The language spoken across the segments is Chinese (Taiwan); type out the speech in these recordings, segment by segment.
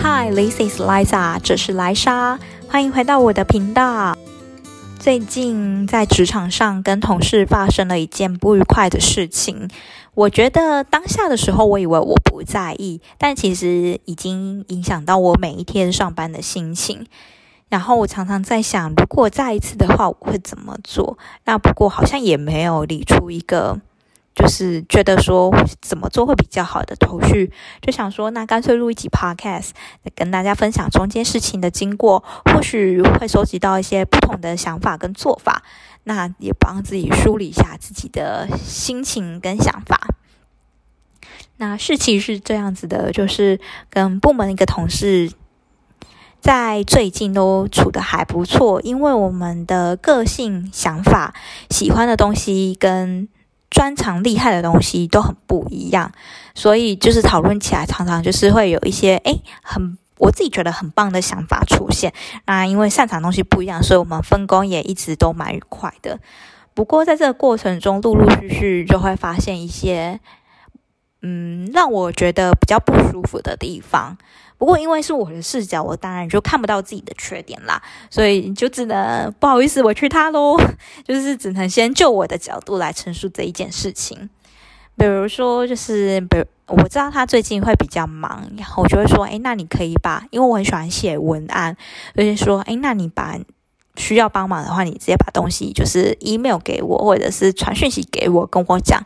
Hi, this is Liza, 這是萊莎，歡迎回到我的頻道。最近在職場上跟同事發生了一件不愉快的事情。我覺得當下的時候，我以為我不在意，但其實已經影響到我每一天上班的心情。然後我常常在想，如果再一次的話，我會怎麼做？那不過好像也沒有理出一個。就是覺得說怎麼做會比較好的頭緒，就想說那乾脆錄一集 podcast，跟大家分享中間事情的經過，或許會收集到一些不同的想法跟做法，那也幫自己梳理一下自己的心情跟想法。那事情是這樣子的，就是跟部門一個同事，在最近都處得還不錯，因為我們的個性、想法、喜歡的東西跟。專長厲害的東西都很不一樣，所以就是討論起來常常就是會有一些欸，很我自己覺得很棒的想法出現。那、啊、因為擅長東西不一樣，所以我們分工也一直都蠻愉快的。不過在這個過程中，陸陸續續就會發現一些，嗯，讓我覺得比較不舒服的地方。不過因為是我的視角，我當然就看不到自己的缺點啦，所以就只能不好意思，委屈他咯，就是只能先就我的角度來陳述這一件事情。比如說，就是，比如我知道他最近會比較忙，然後我就會說，哎，那你可以把，因為我很喜歡寫文案，所以說，哎，那你把需要幫忙的話，你直接把東西就是 email 給我，或者是傳訊息給我，跟我講。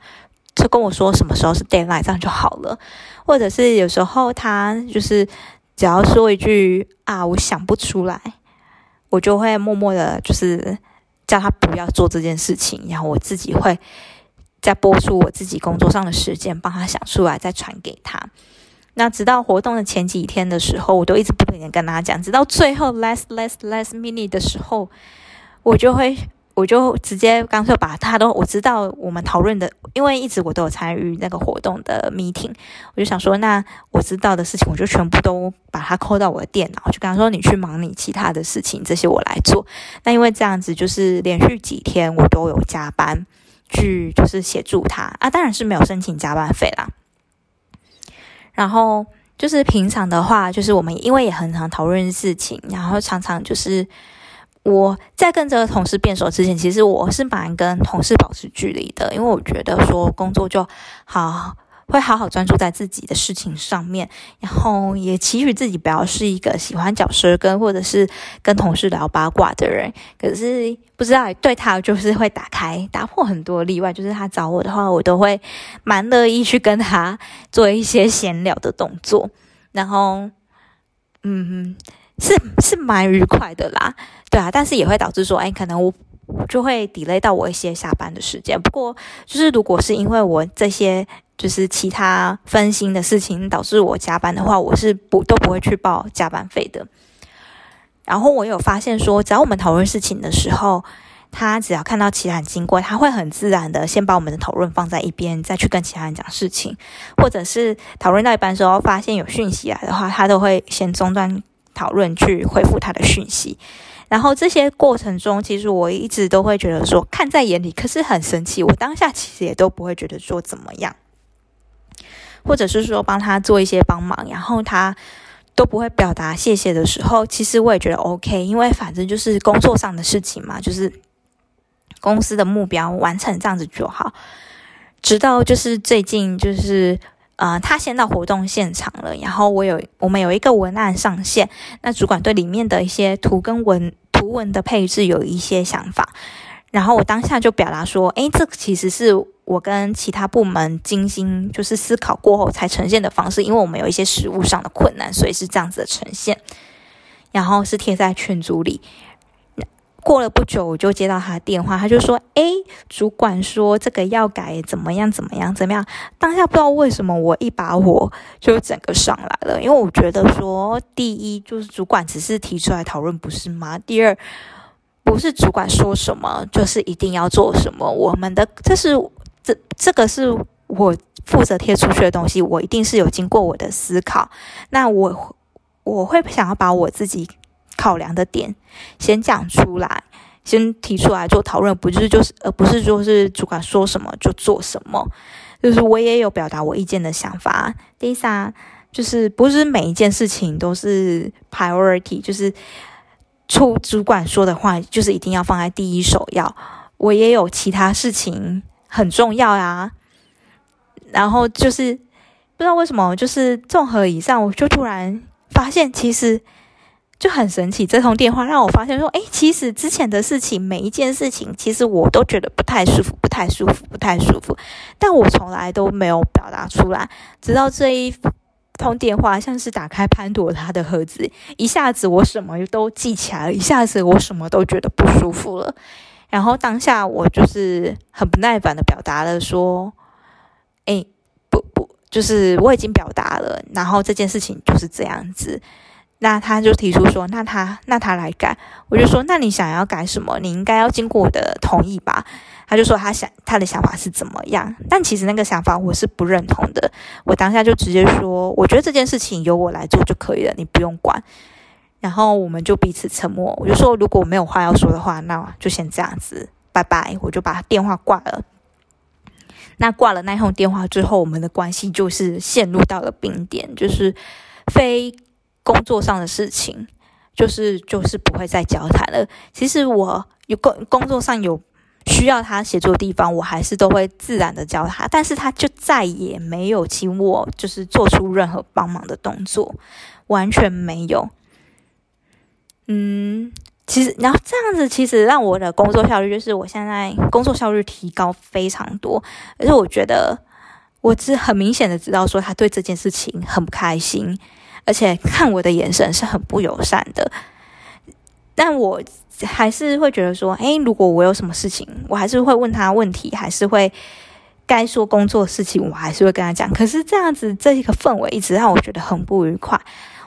就跟我說什麼時候是 deadline，這樣就好了。或者是有時候他就是只要說一句啊，我想不出來，我就會默默的，就是叫他不要做這件事情，然後我自己會再撥出我自己工作上的時間幫他想出來，再傳給他。那直到活動的前幾天的時候，我都一直不肯跟他講，直到最後 last last last minute 的時候，我就會。我就直接乾脆把他都，我知道我們討論的。因為一直我都有參與那個活動的 meeting，我就想說，那我知道的事情，我就全部都把它扣到我的電腦，就跟他說你去忙你其他的事情，這些我來做。那因為這樣子，就是連續幾天我都有加班去，就是協助他啊，當然是沒有申請加班費啦。然後就是平常的話，就是我們因為也很常討論事情，然後常常就是。我在跟這個同事變熟之前，其實我是蠻跟同事保持距離的，因為我覺得說工作就好，會好好專注在自己的事情上面，然後也期許自己不要是一個喜歡嚼舌根或者是跟同事聊八卦的人。可是不知道對他就是會打開打破很多例外，就是他找我的話，我都會蠻樂意去跟他做一些閒聊的動作，然後，嗯哼。是是蠻愉快的啦，對啊，但是也會導致說，哎，可能我就會 delay 到我一些下班的時間。不過，就是如果是因為我這些就是其他分心的事情導致我加班的話，我是不都不會去報加班費的。然後我有發現說，只要我們討論事情的時候，他只要看到其他人經過，他會很自然的先把我們的討論放在一邊，再去跟其他人講事情，或者是討論到一半時候發現有訊息來的話，他都會先中斷討論去回復他的訊息，然後這些過程中，其實我一直都會覺得說看在眼裡，可是很神奇，我當下其實也都不會覺得做怎麼樣，或者是說幫他做一些幫忙，然後他都不會表達謝謝的時候，其實我也覺得 OK，因為反正就是工作上的事情嘛，就是公司的目標完成這樣子就好。直到就是最近就是。呃，他先到活動現場了，然後我有我們有一個文案上線，那主管對裡面的一些圖跟文圖文的配置有一些想法，然後我當下就表達說，誒，這其實是我跟其他部門精心就是思考過後才呈現的方式，因為我們有一些實物上的困難，所以是這樣子的呈現，然後是貼在群組裡。過了不久，我就接到他電話，他就說：“哎，主管說這個要改，怎麼樣？怎麼樣？怎麼樣？”當下不知道為什麼，我一把火就整個上來了，因為我覺得說，第一就是主管只是提出來討論，不是嗎？第二，不是主管說什麼就是一定要做什麼，我們的這是這這個是我負責貼出去的東西，我一定是有經過我的思考，那我我會想要把我自己。考量的點，先講出來，先提出來做討論，不就是就是而不是說是主管說什麼就做什麼，就是我也有表達我意見的想法。第三，就是不是每一件事情都是 priority，就是出主管說的話就是一定要放在第一首要，我也有其他事情很重要啊，然後就是不知道為什麼，就是綜合以上，我就突然發現其實。就很神奇，這通電話讓我發現，說，哎，其實之前的事情，每一件事情，其實我都覺得不太舒服，不太舒服，不太舒服。但我從來都沒有表達出來，直到這一通電話，像是打開潘朵拉的盒子，一下子我什麼都記起來了，一下子我什麼都覺得不舒服了。然後當下我就是很不耐煩的表達了，說，哎，不不，就是我已經表達了，然後這件事情就是這樣子。那他就提出說：“那他那他來改。”我就說：“那你想要改什麼？你應該要經過我的同意吧？”他就說：“他想他的想法是怎麼樣？”但其實那個想法我是不認同的。我當下就直接說：“我覺得這件事情由我來做就可以了，你不用管。”然後我們就彼此沉默。我就說：“如果我沒有話要說的話，那就先這樣子，拜拜。”我就把電話掛了。那掛了那一通電話之後，我們的關係就是陷入到了冰點，就是非。工作上的事情，就是就是不會再交談了。其實我有工工作上有需要他協助的地方，我還是都會自然的教他，但是他就再也沒有請我就是做出任何幫忙的動作，完全沒有。嗯，其實然後這樣子，其實讓我的工作效率就是我現在工作效率提高非常多，而且我覺得我只是很明顯的知道說他對這件事情很不開心。而且看我的眼神是很不友善的，但我還是會覺得說，誒，如果我有什麼事情，我還是會問他問題，還是會該說工作事情，我還是會跟他講。可是這樣子，這一個氛圍一直讓我覺得很不愉快，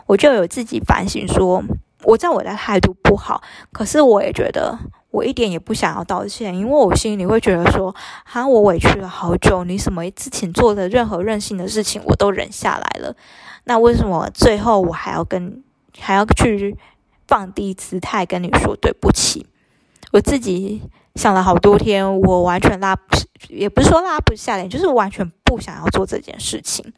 我就有自己反省說，我知道我的態度不好，可是我也覺得。我一點也不想要道歉，因為我心裡會覺得說，哈，我委屈了好久。你什麼之前做的任何任性的事情，我都忍下來了。那為什麼最後我還要跟還要去放低姿態跟你說對不起？我自己想了好多天，我完全拉，也不是說拉不下臉，就是完全不想要做這件事情。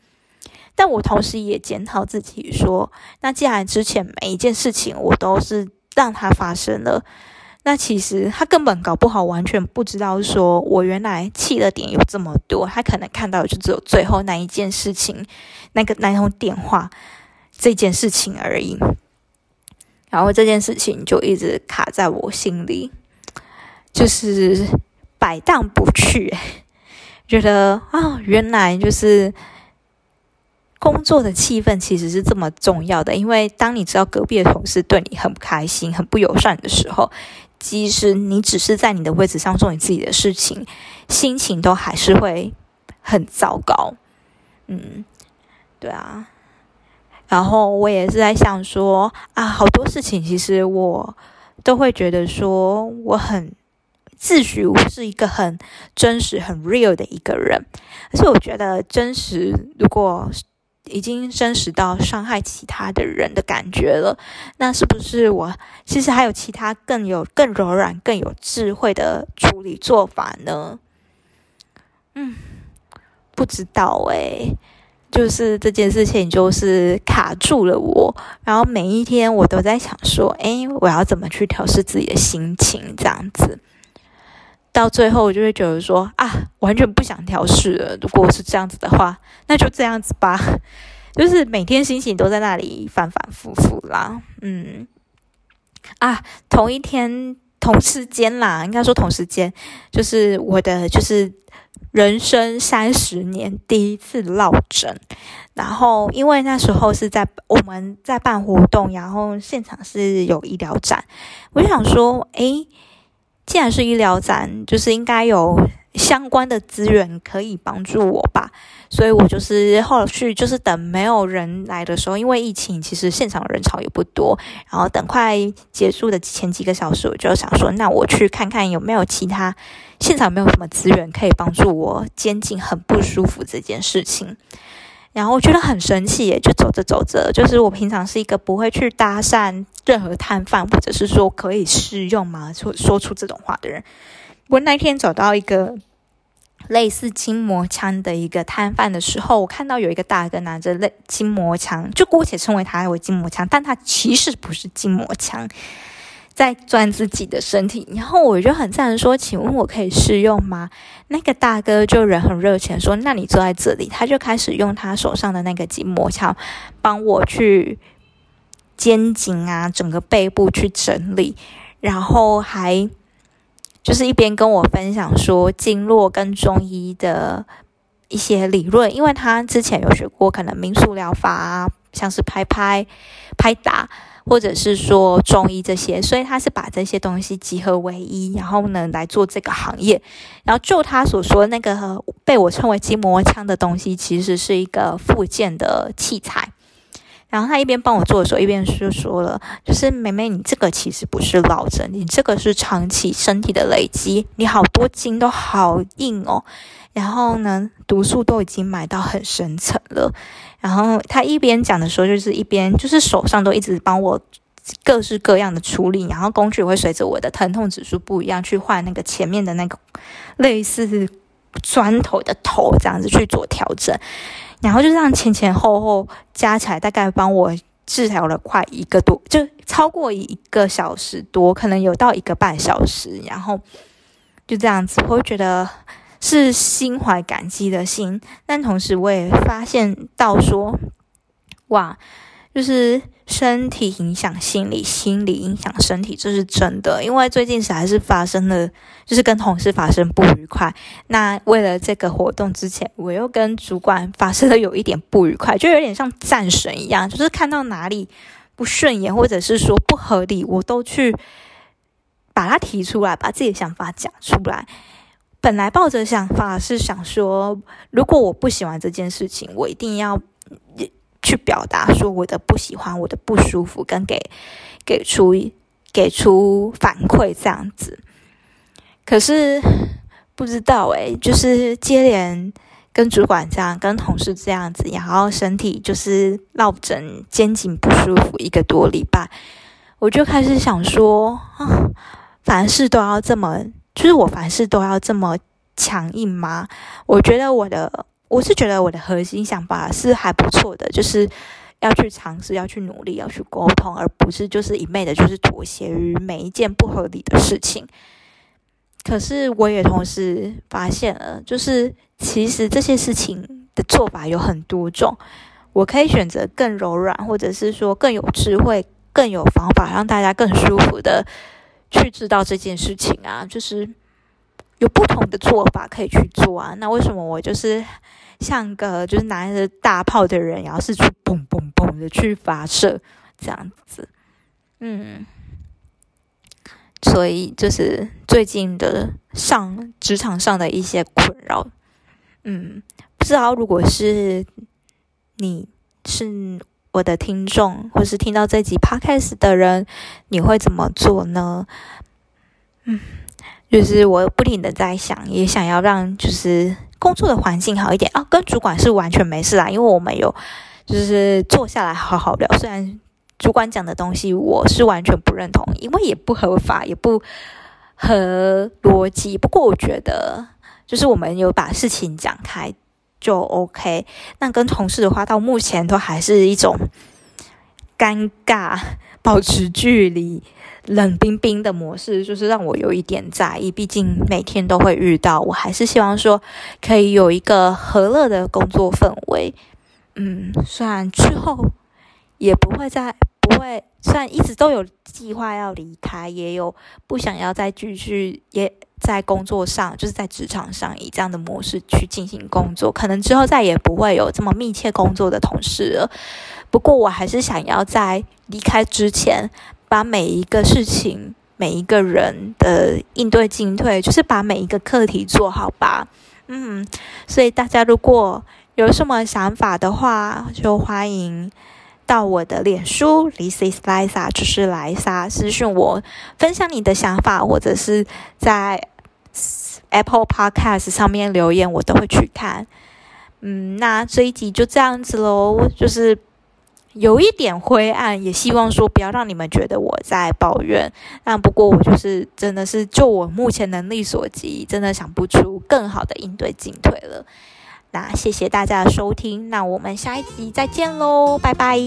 但我同時也檢討自己說，那既然之前每一件事情我都是讓它發生了。那其實他根本搞不好，完全不知道說我原來氣的點有這麼多。他可能看到就只有最後那一件事情，那個那一通電話這件事情而已。然後這件事情就一直卡在我心裡，就是擺盪不去。覺得啊、哦，原來就是工作的氣氛其實是這麼重要的。因為當你知道隔壁的同事對你很不開心、很不友善的時候，即使你只是在你的位置上做你自己的事情，心情都還是會很糟糕。嗯，對啊。然後我也是在想說啊，好多事情其實我都會覺得說我很自詡我是一個很真實、很 real 的一個人，而且我覺得真實如果。已經真實到傷害其他的人的感覺了，那是不是我其實還有其他更有、更柔軟、更有智慧的處理做法呢？嗯，不知道誒，就是這件事情就是卡住了我，然後每一天我都在想說，哎，我要怎麼去調適自己的心情這樣子。到最後我就會覺得說啊，完全不想調試了。如果是這樣子的話，那就這樣子吧。就是每天心情都在那裡反反复覆啦。嗯，啊，同一天同時間啦，應該說同時間，就是我的就是人生三十年第一次落枕。然後因為那時候是在我們在辦活動，然後現場是有醫療站，我就想說，哎。既然是醫療展，就是應該有相關的資源可以幫助我吧，所以我就是後續就是等沒有人來的時候，因為疫情其實現場人潮也不多，然後等快結束的前幾個小時，我就想說，那我去看看有沒有其他現場有沒有什麼資源可以幫助我，肩頸很不舒服這件事情。然後我覺得很神奇耶，就走着走着，就是我平常是一個不會去搭訕任何攤販，或者是說可以試用嘛，說說出這種話的人。我那天走到一個類似筋膜槍的一個攤販的時候，我看到有一個大哥拿着那筋膜槍，就姑且稱為他為筋膜槍，但他其實不是筋膜槍。在鑽自己的身體，然後我就很贊成說：“請問我可以試用嗎？”那個大哥就人很熱情，說：“那你坐在這裡。”他就開始用他手上的那個筋膜槍，幫我去肩頸啊，整個背部去整理，然後還就是一邊跟我分享說經絡跟中醫的一些理論，因為他之前有學過可能民俗療法啊，像是拍拍、拍打。或者是說中醫這些，所以他是把這些東西集合為一，然後呢，來做這個行業。然後就他所說的那個被我稱為筋膜槍的東西，其實是一個復健的器材。然後他一邊幫我做的時候，一邊就說了，就是妹妹，你這個其實不是落枕，你這個是長期身體的累積，你好多筋都好硬哦。然後呢，毒素都已經埋到很深層了。然後他一邊講的時候，就是一邊就是手上都一直幫我各式各樣的處理，然後工具會隨着我的疼痛指數不一樣去換那個前面的那個類似鑽頭的頭這樣子去做調整。然後就這樣前前後後加起來，大概幫我治療了快一個多，就超過一個小時多，可能有到一個半小時。然後就這樣子，我會覺得是心懷感激的心，但同時我也發現到說，哇，就是。身體影響心理，心理影響身體，這是真的。因為最近實在是發生了，就是跟同事發生不愉快。那為了這個活動之前，我又跟主管發生了有一點不愉快，就有點像戰神一樣，就是看到哪裡不順眼，或者是說不合理，我都去把它提出來，把自己的想法講出來。本來抱着想法是想說，如果我不喜歡這件事情，我一定要。去表達說我的不喜歡，我的不舒服，跟給給出給出反饋這樣子。可是不知道誒、欸，就是接連跟主管這樣，跟同事這樣子，然後身體就是落枕、肩頸不舒服一個多禮拜，我就開始想說啊，凡事都要這麼，就是我凡事都要這麼強硬嗎？我覺得我的。我是覺得我的核心想法是還不錯的，就是要去嘗試、要去努力、要去溝通，而不是就是一昧的，就是妥協於每一件不合理的事情。可是我也同時發現了，就是其實這些事情的做法有很多種，我可以選擇更柔軟，或者是說更有智慧、更有方法，讓大家更舒服的去知道這件事情啊，就是。有不同的做法可以去做啊，那為什麼我就是像個就是拿着大炮的人，然後是去蹦蹦蹦的去發射這樣子？嗯，所以就是最近的上職場上的一些困擾，嗯，不知道如果是你是我的聽眾，或是聽到這集 Podcast 的人，你會怎麼做呢？嗯。就是我不停的在想，也想要讓就是工作的環境好一點啊。跟主管是完全沒事啦，啊，因為我們有就是坐下來好好聊。雖然主管講的東西我是完全不認同，因為也不合法，也不合邏輯。不過我覺得就是我們有把事情講開就 OK。那跟同事的話，到目前都還是一種尷尬，保持距離。冷冰冰的模式，就是讓我有一點在意。畢竟每天都會遇到，我還是希望說可以有一個和樂的工作氛圍。嗯，雖然之後也不會再不會，雖然一直都有計劃要離開，也有不想要再繼續也在工作上，就是在職場上以這樣的模式去進行工作。可能之後再也不會有這麼密切工作的同事了。不過我還是想要在離開之前。把每一個事情、每一個人的應對進退，就是把每一個課題做好吧。嗯，所以大家如果有什麼想法的話，就歡迎到我的臉書 This is Liza，就是 Liza 私訊我，分享你的想法，或者是在 Apple Podcast 上面留言，我都會去看。嗯，那這一集就這樣子嘍，就是。有一點灰暗，也希望說不要讓你們覺得我在抱怨。那不過我就是真的是就我目前能力所及，真的想不出更好的應對進退了。那謝謝大家的收聽，那我們下一集再見嘍，拜拜。